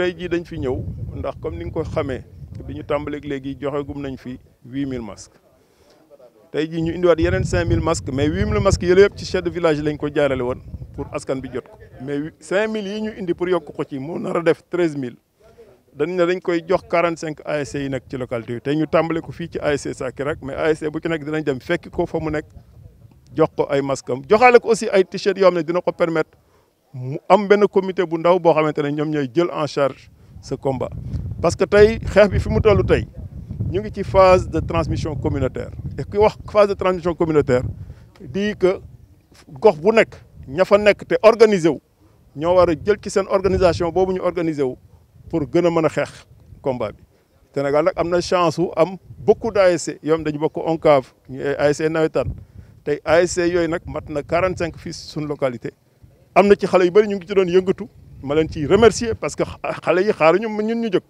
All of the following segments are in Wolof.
tey jii dañ fi ñëw ndax comme ni nga ko xamee bi ñu tàmbaleeg léegi joxe gum nañ fi 8000 masques tey jii ñu indiwaat yeneen 5000 masques mais 8000 masques yële yëpp ci chef de village lañ ko jaarale woon pour askan bi jot ko mais 5000 yi ñu indi pour yokk ko ci mu nar a def 13000 dañ ne dañ koy jox cinq ASC yi nekk ci localité bi te ñu tàmbale ko fii ci ASC rek mais ASC bu ci nekk dinañ dem fekki ko fa mu nekk jox ko ay masques am ko aussi ay t-shirt yoo xam ne ko permettre. am ben comité bu ndaw bo xamantene ñom ñoy jël en charge ce combat parce que tay xex bi fi mu toll ñu ngi ci phase de transmission communautaire et ku wax phase de transmission communautaire di que gox bu nek ña fa nekk te organisé wu ñoo wara jël ci sen organisation bobu ñu organisé wu pour gëna mëna xex combat bi Sénégal nak amna chance am beaucoup d'ASC yom dañu bokk ONCAV ASC nawetaan tay ASC yoy nak mat na 45 fils suñu localité am na ci xale yu bëri ñu ngi ci doon yëngatu ma leen ciy remercier parce que xale yi xaaruñu ñun ñu jóg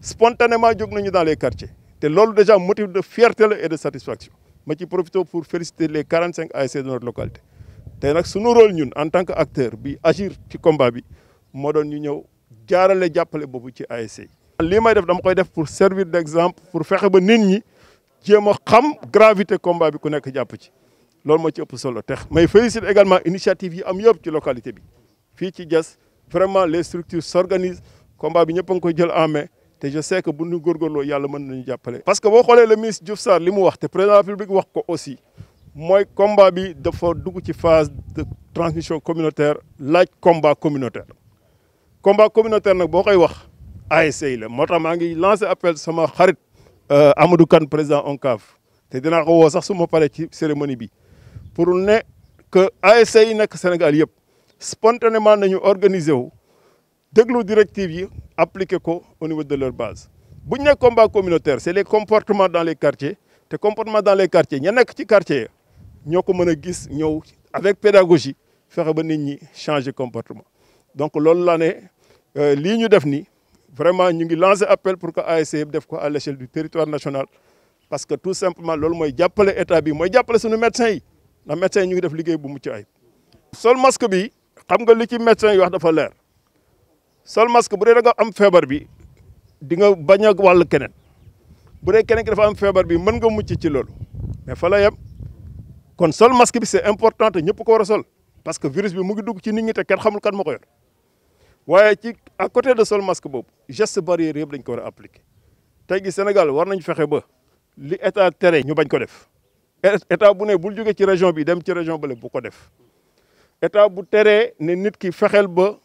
spontanément jóg nañu dans les quartiers te loolu déjà motif de fierté la et de satisfaction ma ci profité pour féliciter les 45 ASC de notre localité te nag suñu ñun en tant que acteur bi agir ci combat bi moo doon ñu ñëw jaarale jàppale boobu ci ASC lii ma def dama koy def pour servir d'exemple pour fexe ba nit ñi jéem a xam gravité combat bi ku nekk jàpp ci lolu mo ci ëpp solo tax may félicite également initiative yi am yëpp ci localité bi fii ci Diass vraiment les structures s'organisent combat bi ñëpp a ngi koy jël en main te je sais que bu ñu góorgóorloo yàlla mën nañu jàppale. parce que boo xoolee le ministre Diouf Sarr li mu wax te président de la République wax ko aussi mooy combat bi dafa dugg ci phase de transmission communautaire laaj combat communautaire. combat communautaire nag boo koy wax ASC la moo tax maa ngi lancé appel sama xarit euh, Amadou Kane président ONCAF te dinaa ko woo sax su ma paree ci cérémonie bi pour que l'ASA yi le Sénégal spontanément nañu organiser wu directives yi au niveau de leur base bu ñu un combat communautaire c'est les comportements dans les quartiers les comportement dans les quartiers il y a des petits quartiers, gis avec pédagogie faire venir nit changer comportement donc l'année, laa ne euh, ñu vraiment nous lançons un appel pour que ASC yëpp def à l'échelle du territoire national parce que tout simplement loolu mooy jàppale état bi mooy jàppale suñu médecins ndax médecin ñu ngi def liggéey bu mucc ay sol masque bi xam nga li ci médecin yi wax dafa leer sol masque bu dee da nga am feebar bi di nga bañ a wàll keneen bu dee keneen ki dafa am feebar bi mën nga mucc ci loolu mais fa la yem kon sol masque bi c'est important te ñëpp ko war a sol parce que virus bi mu ngi dugg ci nit ñi te kenn xamul kan moo ko yor ci à côté de sol masque boobu geste barrière yëpp dañ ko war a te gi Sénégal war nañ fexe ba li état tere ñu bañ ko def. état bu né bu jogé ci région bi dem ci région bële bu ko def état bu téré né nit ki fexel ba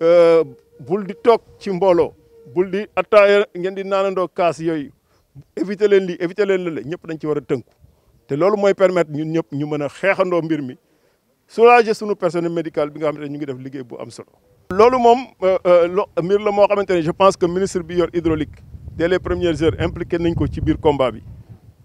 euh, bul di tok ci mbolo bul di attaaya ngeen di nanando kaas yoy éviter len li, éviter len lële ñep dañ ci wara a té lolu moy permettre ñun ñep ñu mëna xéxando mbir mi soulager suñu personnel médical bi nga xam ñu ngi def liggéey bu am solo. lolu mom euh, euh mir la mo xamante je pense que ministre bi yor hydraulique dès les premières heures impliqué nañ ko ci biir combat bi.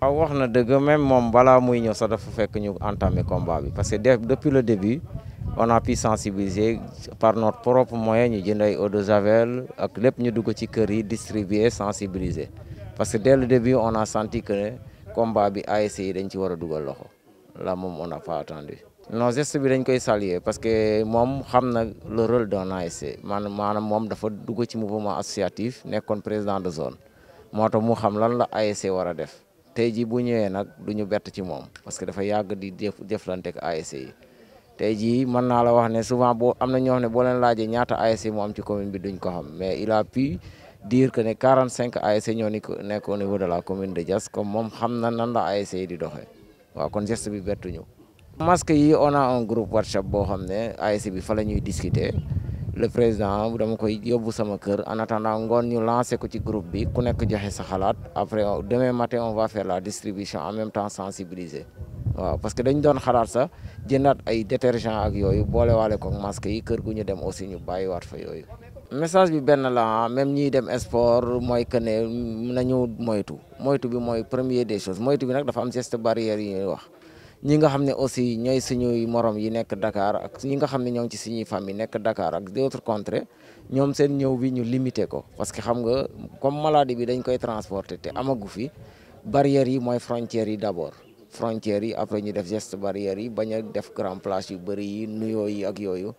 waaw wax na dëgg même moom balaa muy ñëw sax dafa fekk ñu entamer combat bi parce que depuis le début on a pu sensibiliser par notre propre moyen ñu jënd ay eau de javel ak lépp ñu dugg ci kër yi distribuer sensibiliser parce que dès le début on a senti que combat bi ASC yi dañ ci war a dugal loxo la moom on a pas attendu. non geste bi dañ koy saluer parce que moom xam le rôle d'un ASC man maanaam moom dafa dugg ci mouvement associatif nekkoon président de zone moo tax mu xam lan la ASC war a def. tey jii bu ñëwee nag duñu ñu ci moom parce que dafa yàgg di def jëflante ak ASC yi tey jii mën naa la wax ne souvent boo am na ñoo xam ne boo leen laajee ñaata ASC moo am ci commune bi duñ ko xam mais il a pu dire que ne 45 ASC ñoo ni nekk au niveau de la commune de Diass comme moom xam na nan la ASC yi di doxee waa kon geste bi bettuñu masque yi ona a un WhatsApp boo xam ne ASC bi fa la ñuy discuter le président dama koy yóbbu sama kër en attendant ngone ñu lancer ko ci groupe bi ku nekk joxe sa xalaat après demain matin on va faire la distribution en même temps sensibiliser waaw parce que dañ doon xalaat sa jëndaat ay détergent ak yooyu boolewaale ko masque yi kër gu ñu dem aussi ñu bàyyiwaat fa yooyu. message bi benn la ah, même ñiy dem sport mooy que ne nañu moytu moytu bi mooy premier des choses moytu bi nag dafa am geste barrière yi ñuy wax. ñi nga xam ne aussi ñooy suñuy morom yi nekk dakaar ak ñi nga xam ne ñoom ci ci suñuy famille nekk Dakar ak d'autres contrées ñoom seen ñëw bi ñu limité ko parce que xam nga comme maladie bi dañ koy transporter te amagu fi barrières yi mooy frontières yi d'abord frontières yi après ñu def geste barrières yi bañ a def grand place yu bëri yi nuyoo yi ak yooyu.